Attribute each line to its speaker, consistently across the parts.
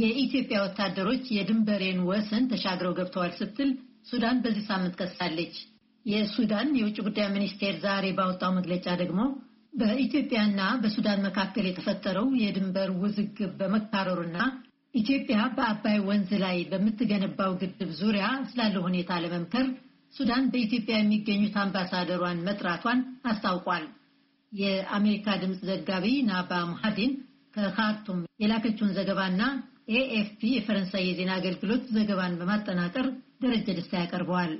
Speaker 1: የኢትዮጵያ ወታደሮች የድንበሬን ወሰን ተሻግረው ገብተዋል ስትል ሱዳን በዚህ ሳምንት ከሳለች። የሱዳን የውጭ ጉዳይ ሚኒስቴር ዛሬ ባወጣው መግለጫ ደግሞ በኢትዮጵያና በሱዳን መካከል የተፈጠረው የድንበር ውዝግብ በመካረሩና ኢትዮጵያ በአባይ ወንዝ ላይ በምትገነባው ግድብ ዙሪያ ስላለው ሁኔታ ለመምከር ሱዳን በኢትዮጵያ የሚገኙት አምባሳደሯን መጥራቷን አስታውቋል። የአሜሪካ ድምፅ ዘጋቢ ናባ ሙሀዲን ከካርቱም የላከችውን ዘገባና ኤኤፍፒ የፈረንሳይ የዜና አገልግሎት ዘገባን በማጠናቀር ደረጀ ደስታ ያቀርበዋል።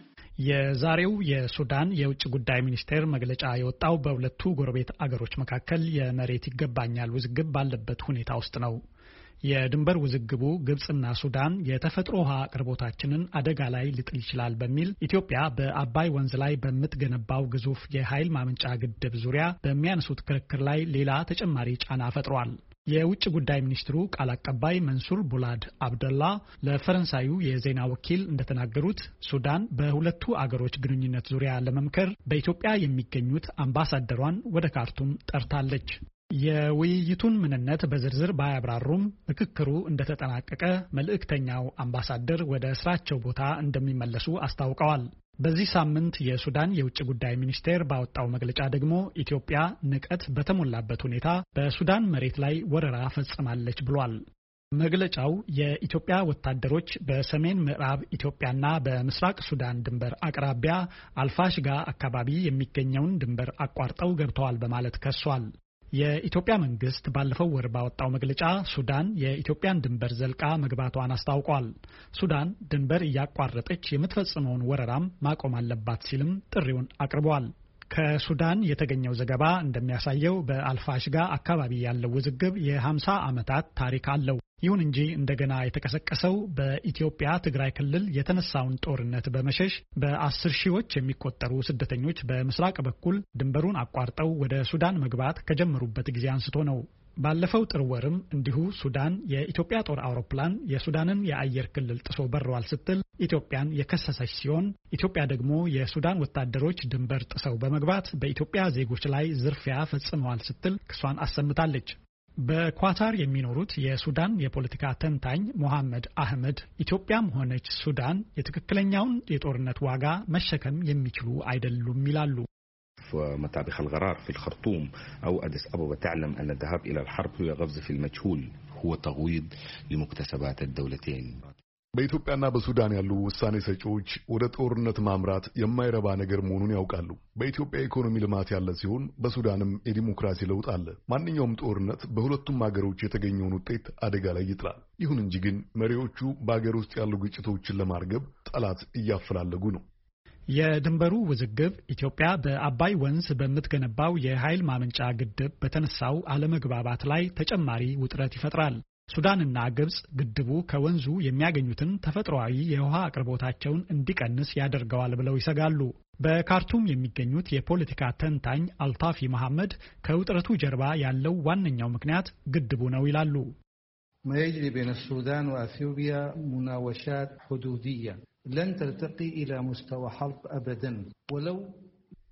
Speaker 2: የዛሬው የሱዳን የውጭ ጉዳይ ሚኒስቴር መግለጫ የወጣው በሁለቱ ጎረቤት አገሮች መካከል የመሬት ይገባኛል ውዝግብ ባለበት ሁኔታ ውስጥ ነው። የድንበር ውዝግቡ ግብፅና ሱዳን የተፈጥሮ ውሃ አቅርቦታችንን አደጋ ላይ ሊጥል ይችላል በሚል ኢትዮጵያ በአባይ ወንዝ ላይ በምትገነባው ግዙፍ የኃይል ማመንጫ ግድብ ዙሪያ በሚያነሱት ክርክር ላይ ሌላ ተጨማሪ ጫና ፈጥሯል። የውጭ ጉዳይ ሚኒስትሩ ቃል አቀባይ መንሱር ቡላድ አብደላ ለፈረንሳዩ የዜና ወኪል እንደተናገሩት ሱዳን በሁለቱ አገሮች ግንኙነት ዙሪያ ለመምከር በኢትዮጵያ የሚገኙት አምባሳደሯን ወደ ካርቱም ጠርታለች። የውይይቱን ምንነት በዝርዝር ባያብራሩም ምክክሩ እንደተጠናቀቀ መልእክተኛው አምባሳደር ወደ ስራቸው ቦታ እንደሚመለሱ አስታውቀዋል። በዚህ ሳምንት የሱዳን የውጭ ጉዳይ ሚኒስቴር ባወጣው መግለጫ ደግሞ ኢትዮጵያ ንቀት በተሞላበት ሁኔታ በሱዳን መሬት ላይ ወረራ ፈጽማለች ብሏል። መግለጫው የኢትዮጵያ ወታደሮች በሰሜን ምዕራብ ኢትዮጵያና በምስራቅ ሱዳን ድንበር አቅራቢያ አልፋሽጋ አካባቢ የሚገኘውን ድንበር አቋርጠው ገብተዋል በማለት ከሷል። የኢትዮጵያ መንግስት ባለፈው ወር ባወጣው መግለጫ ሱዳን የኢትዮጵያን ድንበር ዘልቃ መግባቷን አስታውቋል። ሱዳን ድንበር እያቋረጠች የምትፈጽመውን ወረራም ማቆም አለባት ሲልም ጥሪውን አቅርቧል። ከሱዳን የተገኘው ዘገባ እንደሚያሳየው በአልፋሽጋ አካባቢ ያለው ውዝግብ የ50 ዓመታት ታሪክ አለው። ይሁን እንጂ እንደገና የተቀሰቀሰው በኢትዮጵያ ትግራይ ክልል የተነሳውን ጦርነት በመሸሽ በአስር ሺዎች የሚቆጠሩ ስደተኞች በምስራቅ በኩል ድንበሩን አቋርጠው ወደ ሱዳን መግባት ከጀመሩበት ጊዜ አንስቶ ነው። ባለፈው ጥር ወርም እንዲሁ ሱዳን የኢትዮጵያ ጦር አውሮፕላን የሱዳንን የአየር ክልል ጥሶ በረዋል ስትል ኢትዮጵያን የከሰሰች ሲሆን ኢትዮጵያ ደግሞ የሱዳን ወታደሮች ድንበር ጥሰው በመግባት በኢትዮጵያ ዜጎች ላይ ዝርፊያ ፈጽመዋል ስትል ክሷን አሰምታለች። በኳታር የሚኖሩት የሱዳን የፖለቲካ ተንታኝ ሞሐመድ አህመድ ኢትዮጵያም ሆነች ሱዳን የትክክለኛውን የጦርነት ዋጋ መሸከም የሚችሉ አይደሉም ይላሉ።
Speaker 3: في الغرار في الخرطوم أو أديس أبابا تعلم أن الذهاب إلى الحرب هو غفز في المجهول هو تغويض لمكتسبات الدولتين በኢትዮጵያና በሱዳን ያሉ ውሳኔ ሰጪዎች ወደ ጦርነት ማምራት የማይረባ ነገር መሆኑን ያውቃሉ። በኢትዮጵያ ኢኮኖሚ ልማት ያለ ሲሆን በሱዳንም የዲሞክራሲ ለውጥ አለ። ማንኛውም ጦርነት በሁለቱም አገሮች የተገኘውን ውጤት አደጋ ላይ ይጥላል። ይሁን እንጂ ግን መሪዎቹ በአገር ውስጥ ያሉ ግጭቶችን ለማርገብ ጠላት እያፈላለጉ ነው።
Speaker 2: የድንበሩ ውዝግብ ኢትዮጵያ በአባይ ወንዝ በምትገነባው የኃይል ማመንጫ ግድብ በተነሳው አለመግባባት ላይ ተጨማሪ ውጥረት ይፈጥራል። ሱዳንና ግብፅ ግድቡ ከወንዙ የሚያገኙትን ተፈጥሯዊ የውሃ አቅርቦታቸውን እንዲቀንስ ያደርገዋል ብለው ይሰጋሉ። በካርቱም የሚገኙት የፖለቲካ ተንታኝ አልታፊ መሐመድ ከውጥረቱ ጀርባ ያለው ዋነኛው ምክንያት ግድቡ ነው ይላሉ። ما يجري بين السودان واثيوبيا مناوشات حدوديه ለን ተርተቂ ኢላ ሙስተዋ ሐርብ አበደን ወለው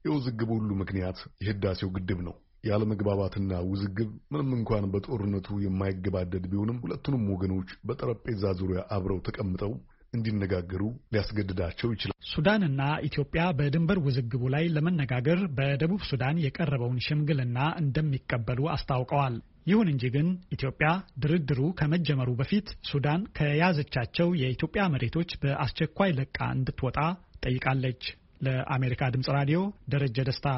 Speaker 3: የውዝግብ ሁሉ ምክንያት የህዳሴው ግድብ ነው። ያለመግባባትና ውዝግብ ምንም እንኳን በጦርነቱ የማይገባደድ ቢሆንም ሁለቱንም ወገኖች በጠረጴዛ ዙሪያ አብረው ተቀምጠው እንዲነጋገሩ ሊያስገድዳቸው ይችላል።
Speaker 2: ሱዳንና ኢትዮጵያ በድንበር ውዝግቡ ላይ ለመነጋገር በደቡብ ሱዳን የቀረበውን ሽምግልና እንደሚቀበሉ አስታውቀዋል። ይሁን እንጂ ግን ኢትዮጵያ ድርድሩ ከመጀመሩ በፊት ሱዳን ከያዘቻቸው የኢትዮጵያ መሬቶች በአስቸኳይ ለቃ እንድትወጣ ጠይቃለች። ለአሜሪካ ድምፅ ራዲዮ ደረጀ ደስታ